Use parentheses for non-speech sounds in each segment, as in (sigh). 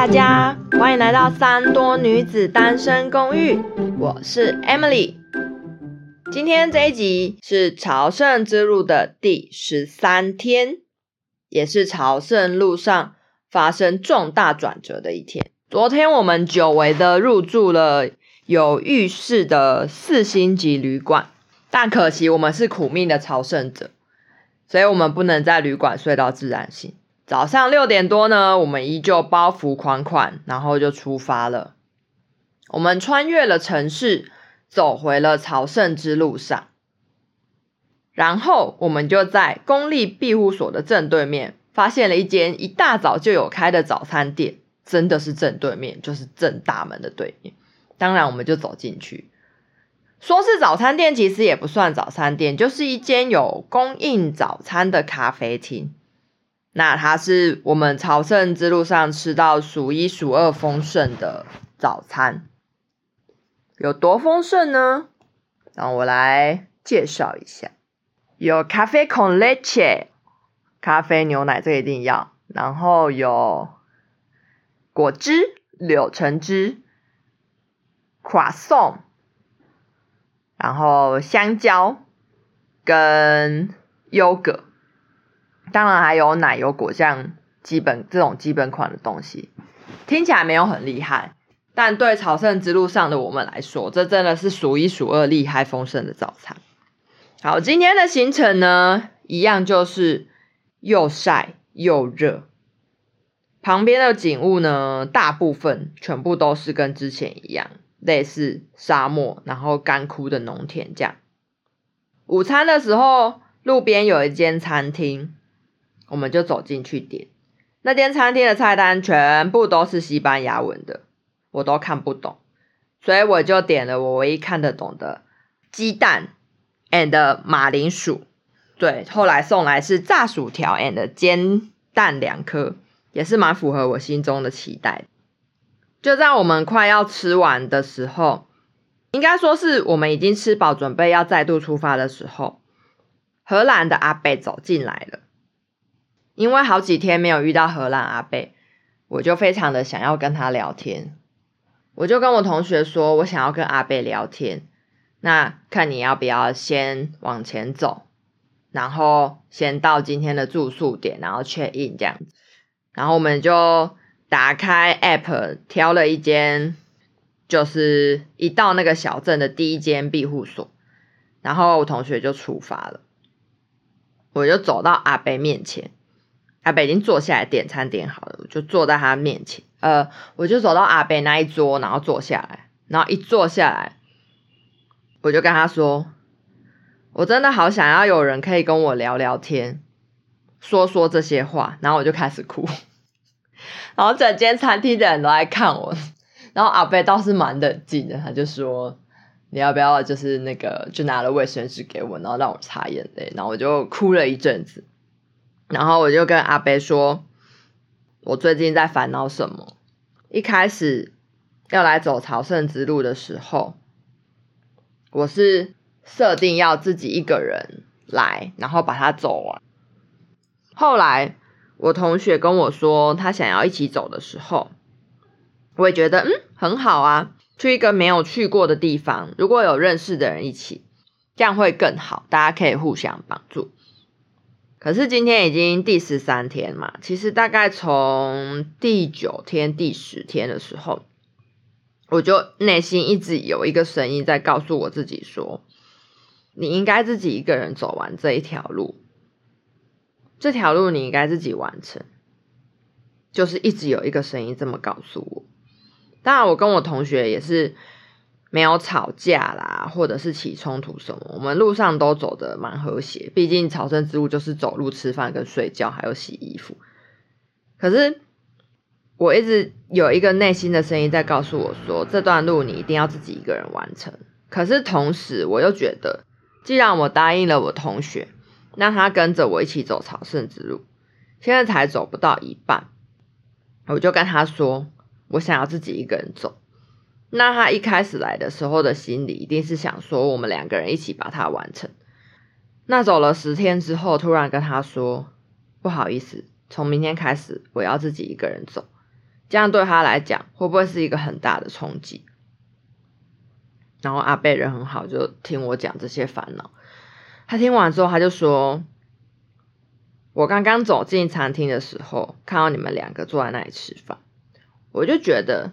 大家，歡迎來到三多女子單身公寓，我是 Emily。今天這一集是朝聖之路的第十三天，也是朝聖路上發生重大轉折的一天。昨天我們久違的入住了有浴室的四星級旅館，但可惜我們是苦命的朝聖者，所以我們不能在旅館睡到自然醒。早上六點多呢，我們依舊包袱款款，然後就出發了。我們穿越了城市，走回了朝聖之路上。然後我們就在公立庇護所的正對面，發現了一間一大早就有開的早餐店，真的是正對面，就是正大門的對面。當然，我們就走進去。說是早餐店，其實也不算早餐店，就是一間有供應早餐的咖啡廳。那它是我們朝聖之路上吃到數一數二豐盛的早餐，有多豐盛呢？讓我來介紹一下：有咖啡孔 o n 咖啡牛奶這個、一定要；然後有果汁，柳橙汁垮 r 然後香蕉跟優格當然還有奶油果醬，基本這種基本款的東西，聽起來沒有很厲害，但對朝聖之路上的我們來說，這真的是數一數二厲害豐盛的早餐。好，今天的行程呢，一樣就是又曬又熱，旁邊的景物呢，大部分全部都是跟之前一樣，類似沙漠，然後乾枯的農田這樣。午餐的時候，路邊有一間餐廳。我們就走進去點，那間餐廳的菜單全部都是西班牙文的，我都看不懂，所以我就點了我唯一看得懂的雞蛋 and 馬鈴薯。對，後來送來是炸薯條 and 煎蛋兩顆，也是蠻符合我心中的期待的。就在我們快要吃完的時候，應該說是我們已經吃飽，準備要再度出發的時候，荷蘭的阿北走進來了。因為好幾天沒有遇到荷蘭阿北，我就非常的想要跟他聊天。我就跟我同學說，我想要跟阿北聊天，那看你要不要先往前走，然後先到今天的住宿點，然後 check in 這樣子。然後我們就打開 app，挑了一間，就是一到那個小鎮的第一間庇護所。然後我同學就出發了，我就走到阿北面前。阿北已經坐下來點餐點好了，我就坐在他面前。呃，我就走到阿北那一桌，然後坐下來，然後一坐下來，我就跟他說：“我真的好想要有人可以跟我聊聊天，說說這些話。”然後我就開始哭， (laughs) 然後整間餐廳的人都來看我。然後阿北倒是蠻冷靜的，他就說：“你要不要？就是那個，就拿了衛生紙給我，然後讓我擦眼淚。”然後我就哭了一陣子。然後我就跟阿北說，我最近在煩惱什麼。一開始要來走朝聖之路的時候，我是設定要自己一個人來，然後把他走完啊。後來我同學跟我說他想要一起走的時候，我也覺得嗯很好啊，去一個沒有去過的地方，如果有認識的人一起，這樣會更好，大家可以互相幫助。可是今天已經第十三天嘛，其實大概從第九天、第十天的時候，我就內心一直有一個聲音在告訴我自己說，你應該自己一個人走完這一條路，這條路你應該自己完成，就是一直有一個聲音這麼告訴我。當然，我跟我同學也是。沒有吵架啦，或者是起衝突什麼，我們路上都走得蠻和諧。畢竟朝聖之路就是走路、吃飯跟睡覺，還有洗衣服。可是我一直有一個內心的聲音在告訴我說，這段路你一定要自己一個人完成。可是同時我又覺得，既然我答應了我同學，那他跟着我一起走朝聖之路，現在才走不到一半，我就跟他說，我想要自己一個人走。那他一開始來的時候的心理，一定是想說我們兩個人一起把它完成。那走了十天之後，突然跟他說：“不好意思，從明天開始我要自己一個人走。”這樣對他來講，會不會是一個很大的衝擊？然後阿北人很好，就聽我講這些煩惱。他聽完之後，他就說：“我剛剛走進餐廳的時候，看到你們兩個坐在那裡吃飯，我就覺得。”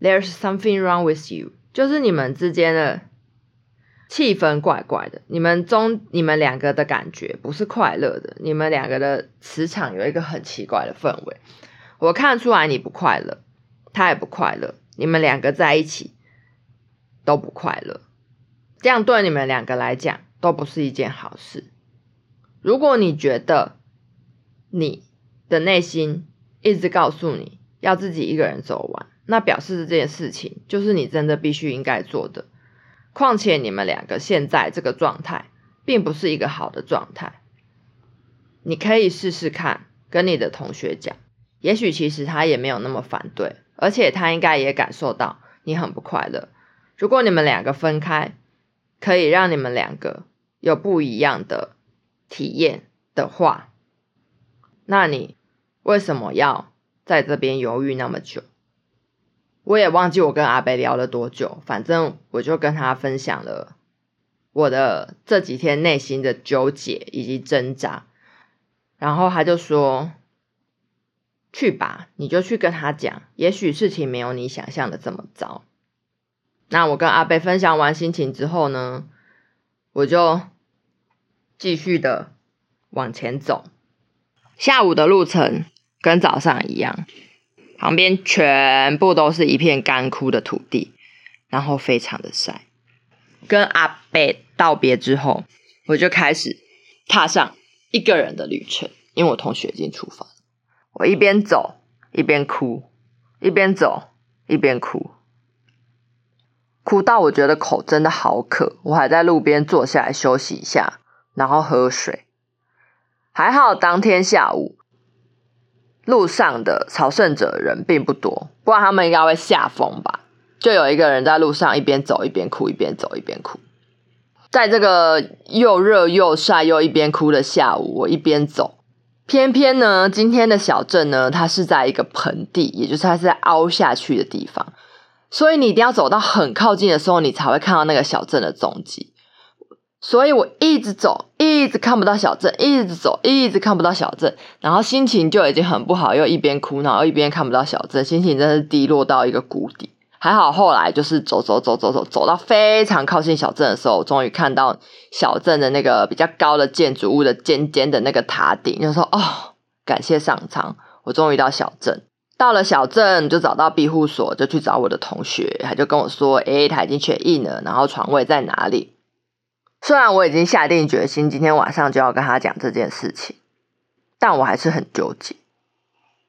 There's something wrong with you，就是你們之間的氣氛怪怪的，你們中你們兩個的感覺不是快樂的，你們兩個的磁場有一個很奇怪的氛圍。我看出來你不快樂，他也不快樂，你們兩個在一起都不快樂，這樣對你們兩個來講都不是一件好事。如果你覺得你的內心一直告訴你要自己一個人走完。那表示這件事情就是你真的必須應該做的。況且你們兩個現在這個狀態並不是一個好的狀態，你可以試試看跟你的同學講，也許其實他也沒有那麼反對，而且他應該也感受到你很不快樂。如果你們兩個分開可以讓你們兩個有不一樣的體驗的話，那你為什麼要在這邊猶豫那麼久？我也忘記我跟阿北聊了多久，反正我就跟他分享了我的這幾天內心的糾結以及掙扎，然後他就說：“去吧，你就去跟他講，也許事情沒有你想象的這麼糟。”那我跟阿北分享完心情之後呢，我就繼續的往前走。下午的路程跟早上一樣。旁邊全部都是一片乾枯的土地，然後非常的曬。跟阿伯道別之後，我就開始踏上一個人的旅程，因為我同學已經出發了，我一邊走一邊哭，一邊走一邊哭，哭到我覺得口真的好渴，我還在路邊坐下來休息一下，然後喝水。還好當天下午，路上的朝聖者人並不多，不然他們應該會嚇瘋吧。就有一個人在路上一邊走一邊哭，一邊走一邊哭。在這個又熱又曬又一邊哭的下午，我一邊走，偏偏呢，今天的小鎮呢，它是在一個盆地，也就是它是在凹下去的地方，所以你一定要走到很靠近的時候，你才會看到那個小鎮的蹤跡。所以我一直走，一直看不到小鎮，一直走，一直看不到小鎮，然後心情就已經很不好，又一邊哭，然後一邊看不到小鎮，心情真是低落到一個谷底。還好後來就是走走走走走，走到非常靠近小鎮的時候，我終於看到小鎮的那個比較高的建築物的尖尖的那個塔頂，就說：“哦，感謝上蒼，我終於到小鎮。”到了小鎮，就找到庇護所，就去找我的同學，他就跟我說：“誒，他已經痊癒了，然後床位在哪裡？”雖然我已經下定決心，今天晚上就要跟他講這件事情，但我還是很糾結。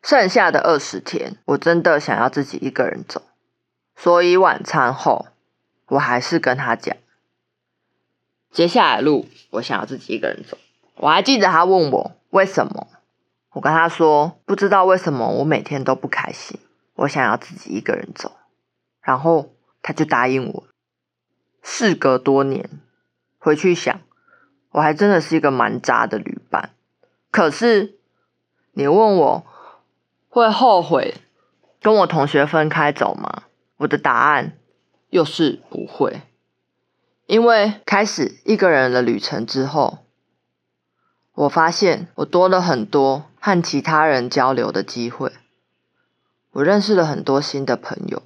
剩下的二十天，我真的想要自己一個人走。所以晚餐後，我還是跟他講，接下來路我想要自己一個人走。我還記得他問我為什麼，我跟他說不知道為什麼我每天都不開心，我想要自己一個人走。然後他就答應我。事隔多年。回去想，我還真的是一個蠻渣的旅伴。可是，你問我會後悔跟我同學分開走嗎？我的答案又是不會，因為開始一個人的旅程之後，我發現我多了很多和其他人交流的機會，我認識了很多新的朋友。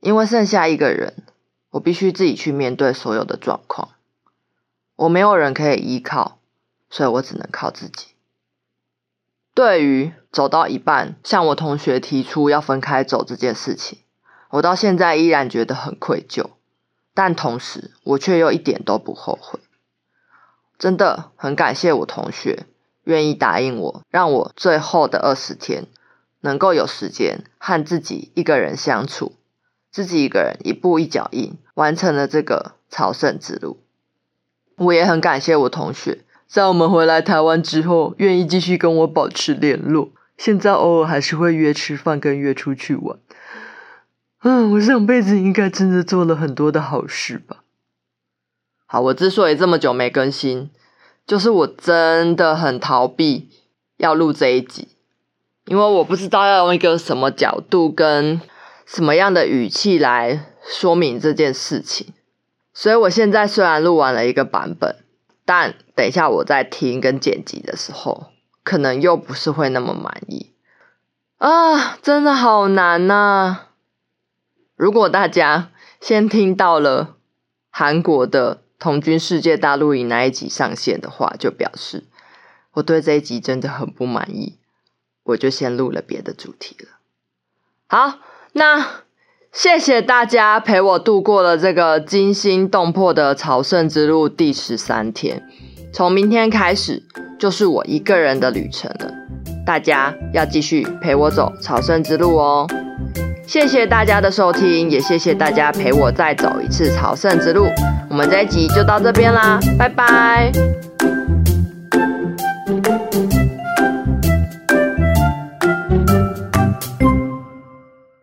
因為剩下一個人。我必須自己去面對所有的狀況，我沒有人可以依靠，所以我只能靠自己。對於走到一半向我同學提出要分開走這件事情，我到現在依然覺得很愧疚，但同時我卻又一點都不後悔。真的很感謝我同學願意答應我，讓我最後的二十天能夠有時間和自己一個人相處。自己一個人一步一腳印完成了這個朝聖之路，我也很感謝我同學，在我們回來台灣之後，願意繼續跟我保持聯絡，現在偶爾還是會約吃飯跟約出去玩。嗯，我上輩子應該真的做了很多的好事吧。好，我之所以這麼久沒更新，就是我真的很逃避要錄這一集，因為我不知道要用一個什麼角度跟。什麼樣的語氣來說明這件事情？所以我現在雖然錄完了一個版本，但等一下我再聽跟剪輯的時候，可能又不是會那麼滿意啊！真的好難吶、啊！如果大家先聽到了韓國的《童軍世界大露營》那一集上線的話，就表示我對這一集真的很不滿意，我就先錄了別的主題了。好。那謝謝大家陪我度過了這個驚心動魄的朝聖之路第十三天，從明天開始就是我一個人的旅程了，大家要繼續陪我走朝聖之路哦。謝謝大家的收聽，也謝謝大家陪我再走一次朝聖之路。我們這一集就到這邊啦，拜拜。